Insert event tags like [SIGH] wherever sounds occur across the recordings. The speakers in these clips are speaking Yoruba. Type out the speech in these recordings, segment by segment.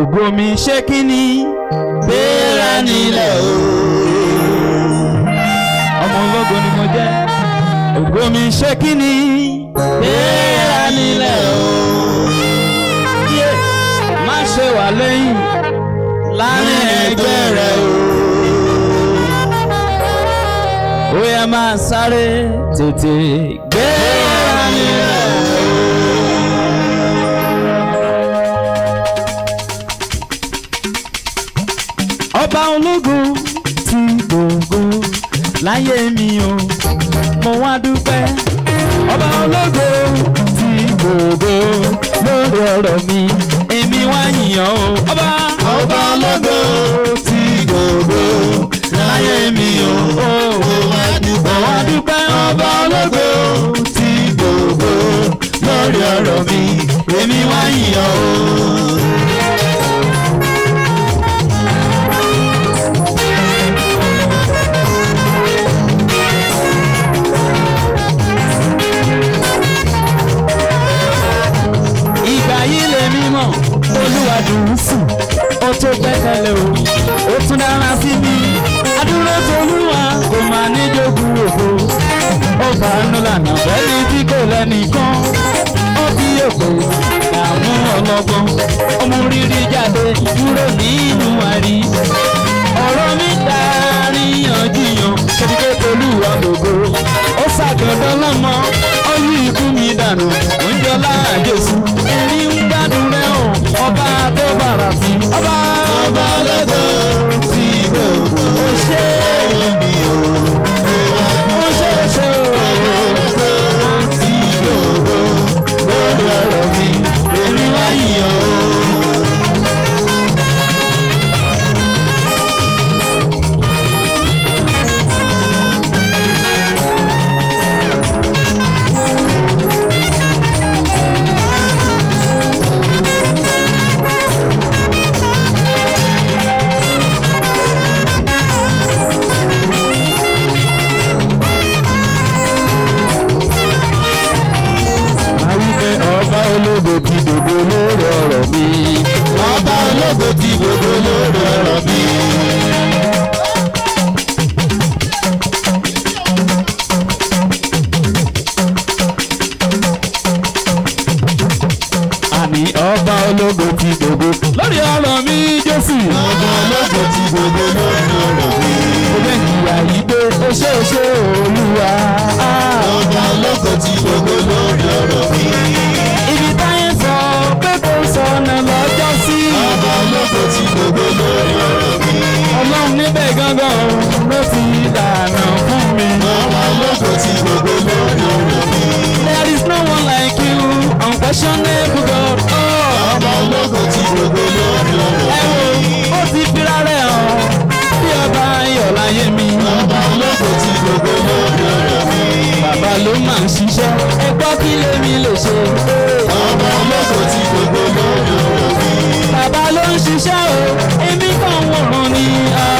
ògo mi ṣé kí ni gbéra nílẹ̀ o ọmọ ológo ni mo jẹ́ ògo mi ṣé kí ni gbéra nílẹ̀ o má ṣe wà lẹ́yìn láàrin ẹgbẹ́ rẹ o ó yẹ máa sáré tètè gbéra nílẹ̀. ológun ti gbòǹgbò láyé mi o mo wá dúpẹ́ ọba ológun ti gbòǹgbò lórí ọ̀rọ̀ mi èmi wá yìnyàn o ọba ọba ológun ti gbòǹgbò láyé mi o mo wá dúpẹ́ wá dúpẹ́ ọba ológun ti gbòǹgbò lórí ọ̀rọ̀ mi èmi wá yìnyàn o. dùn sùn ó tó gbẹ́kẹ̀lé o ó tún dára sí mi adúró tolúwa kò máa ní jogún òfo ó bá nù lànà bẹ́ẹ̀ni tí kò lẹ́nìkan ó bí òfo àwọn ọlọ́gbọ́n ọmọ rírì jáde dúró nínú àrí ọ̀rọ̀ mi dáa. ó ṣe é ṣe olúwa. ọ̀gá ọlọ́kọ̀ tí gbogbo lórí ọ̀rọ̀ mi. ibi táyé sọ pé kò sọnà lọ́jọ́ sí. ọ̀gá ọlọ́kọ̀ tí gbogbo lórí ọ̀rọ̀ mi. ọlọ́run níbẹ̀ gángan ló ti dànù fún mi. ọ̀gá ọlọ́kọ̀ tí gbogbo lórí ọ̀rọ̀ mi. there is no one like you unquestionable. máa ń ṣiṣẹ́ ẹ gbọ́ kí lèmi lè ṣe. ọmọ olóko tí gbogbo lóyún lòbí. bàbá ló ń ṣiṣẹ́ o èmi kàn wòran ni. Ah.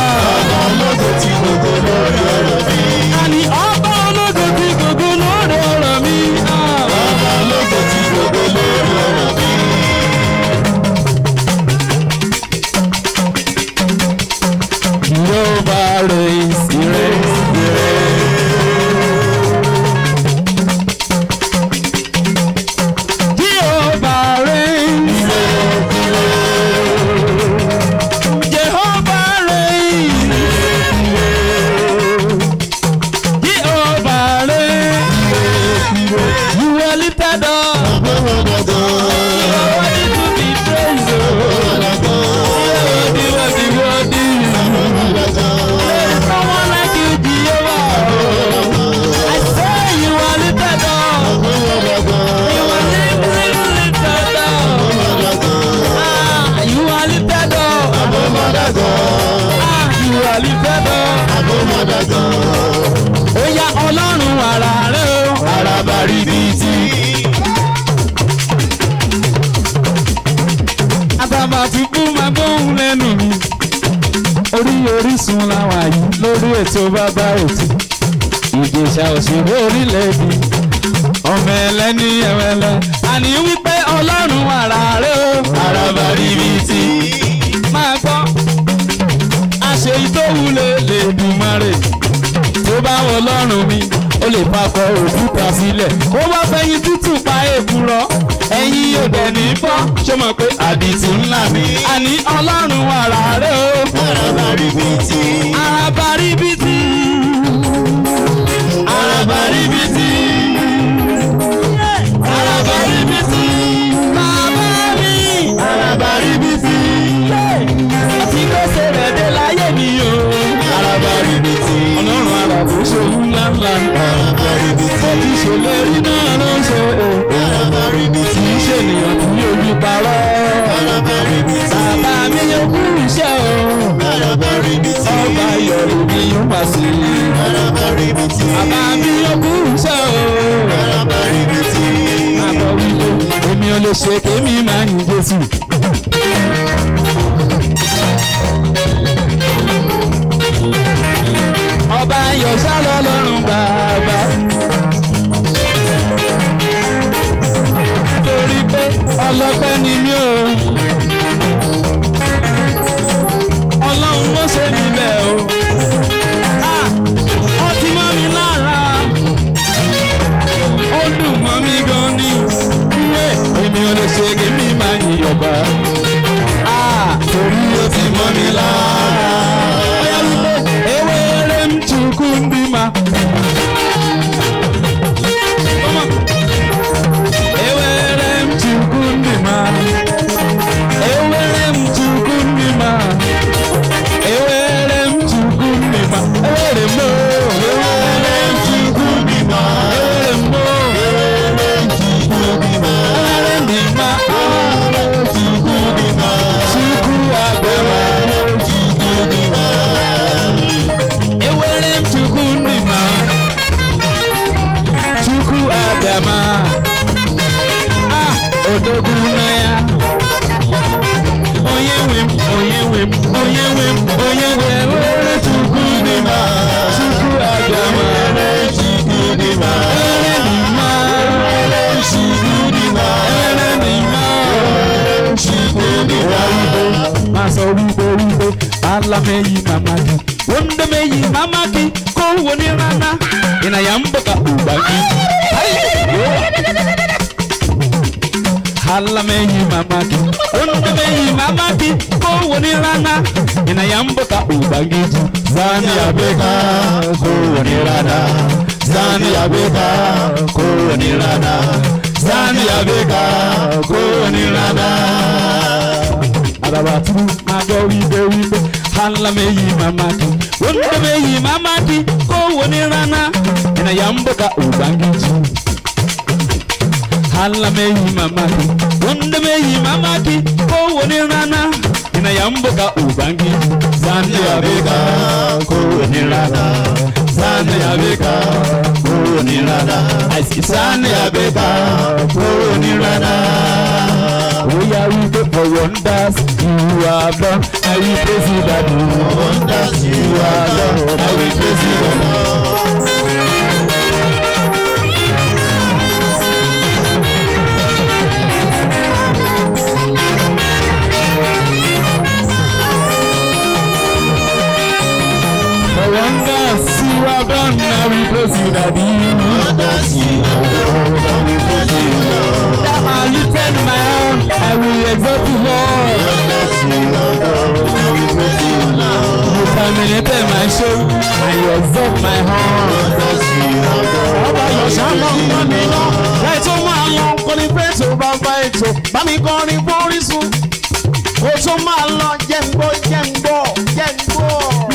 Orísun làwọn àyè lórí ètò bàbá òtí Ìjẹ̀ṣà òṣèré orílẹ̀-èdè ọmọ ẹlẹ́ni ẹ̀wẹ̀lẹ̀ àní wípé Ọlọ́run ara rẹ̀ ó àràbà ríbi tí máa gbọ́ àṣeyí tó wulẹ̀ lè dùn mọ́rẹ̀ tó bá wọ Ọlọ́run mi ó lè papọ̀ òkúta sílẹ̀ kó bá fẹ́yìn tútù pa èkúrọ́ ẹ̀yìn yóò dẹ̀ ní bọ́ ṣé mọ̀ pé àdìtì ńlá mi àní Ọlọ́run ara rẹ̀ ó bìtì. Àràbàrí bìtì. Àràbàrí bìtì. Àràbàrí bìtì. Bàbá mi. Àràbàrí bìtì. Àti gbèsè rẹ̀ dé láyé mi o. Àràbàrí bìtì. Ọlọ́run àràbò ṣòwò ńláńlá. Àràbàrí bìtì. Ó ti ṣòlérí náà. ló ṣe kémi máa ń Jésù. ṣe kí mi máa yìn ọba. la meyi mamaki wonde mama ki, ko woni rana ina yambo ka ubaki Hala meyi mamaki wonde mama ki, ko woni rana ina yambo ka ubaki zani abeka ko woni rana zani abeka ko woni rana zani abeka ko woni rana araba turu ma do wibe wibe halla mai yi mamaki wanda bai yi mamaki kowane rana ina yambuka ubangiji halla mai yi mamaki wanda bai yi mamaki kowane rana ina yambuka ubangiji zani abeka kowane rana zani abeka kowane rana zani abeka kowane wonders you have done. I will praise you, Daddy. Wonders you have done. I will praise you, Daddy. wonders you have done, I will praise you, Daddy. Wonders you have done. we exalt you, Lord. You terminated my soul and you exalt my heart. Ọba Yorùbá lọ ń bá mi lọ, láì tó máa lọ, kò ní fẹ́ tó bá bá ètò, bá mi kọrin bórísun. Ó tó máa lọ jẹ́ǹgbọ́ jẹ́ǹgbọ́ jẹ́ǹgbọ́.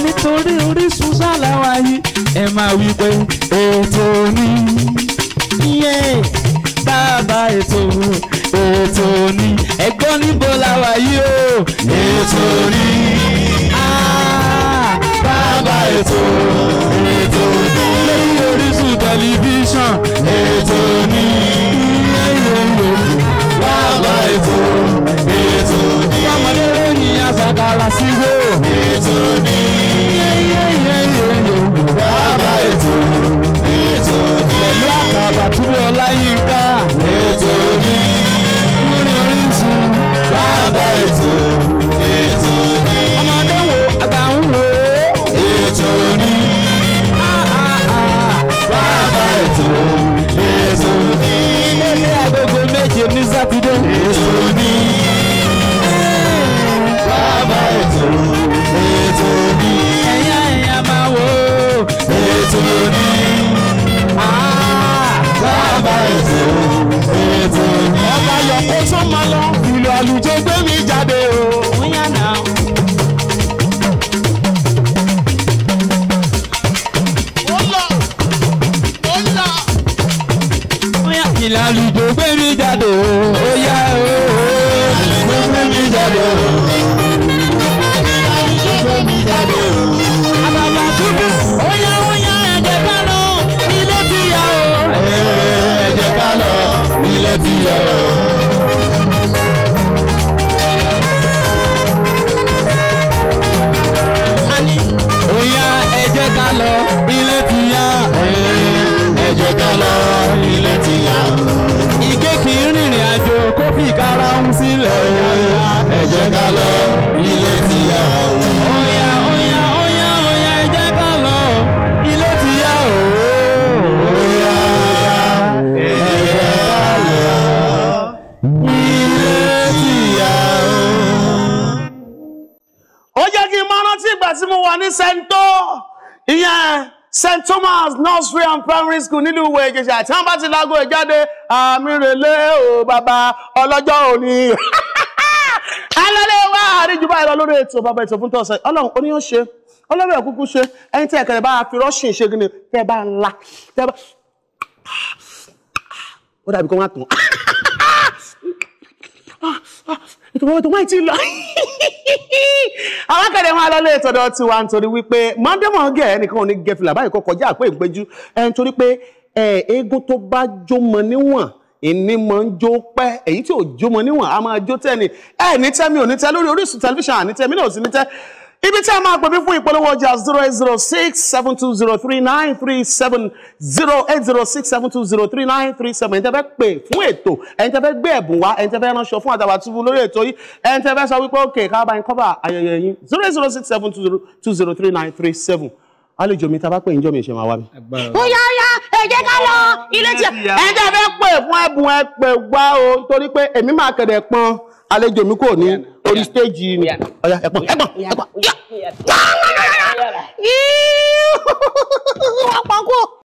Nítorí Orísun sálàwá ẹ máa wí pé ètò ni. Bàbá ètò mi ètò ni ẹ̀gbọ́n níbo la wà yìí o. ètò ni ah, bàbá ètò ètò ni lórí Orísun tẹlifíṣàn. àlùjọ gbé St. Thomas Nursery and Primary School nílùú ìwé Ìjẹ̀ṣà tí wọ́n bá ti lágò ẹ̀ jáde o bàbá ọlọ́jọ́ òní. alálẹ́ [LAUGHS] wa àríjù báyìí lọ lórí ètò bàbá ètò fún tọ̀sẹ̀ ọlọ́run oníyàn ṣe ọlọ́run ẹ̀kúkú ṣe ẹni tí ẹ̀kẹ́rẹ́ bá fi rọ́ṣìn ṣe gíní tẹ́ bá ńlá tẹ́ bá ó dàbí kó wọ́n á tàn ìtòwò tó wáyé ti lọ alákẹ́dẹ̀ máa lọ́lé ìtọ́dọ̀ ti wa nítorí wípé mọ́ndémọ́gẹ̀ ẹnìkan ò ní gẹ̀fìlà báyìí kò kọjá àpé ìgbẹ́jú nítorí pé eégún tó bá jómọ níwọ̀n ìní mọ̀ ń jó pẹ́ èyí tí ò jómọ níwọ̀n a máa jó tẹ́ni ẹ̀ nítẹ́mi ò nítẹ́ lórí Orísun tẹlifíṣàn ànítẹ́mi náà ò sí nítẹ́ ibi tí a máa pè mí fún ìpolówó ọjà zero eight zero six seven two zero three nine three seven zero eight zero six seven two zero three nine three seven ẹ̀yin tẹ́ fẹ́ pè fún ètò ẹ̀yin tẹ́ fẹ́ gbé ẹ̀bùn wá ẹ̀yin tẹ́ fẹ́ ránṣọ fún Àtàbàtúbú lórí ètò yìí ẹ̀yin tẹ́ fẹ́ sọ wípé òkè ká bá yín kọ́bà ayẹyẹ yín zero eight zero six seven two zero two zero three nine three seven àlejò mi tá bá pè mi ṣe máa wá mi. ó yá ká lọ ilé tí ẹ jẹ́ fẹ́ pè fún ẹ̀bùn ẹ wá o torí pé èmi máa kẹ̀dẹ̀ pọn àlejò mi kò ní orí iya. stage ni ọ̀yá iya, bang, ẹ̀pọ̀ yá.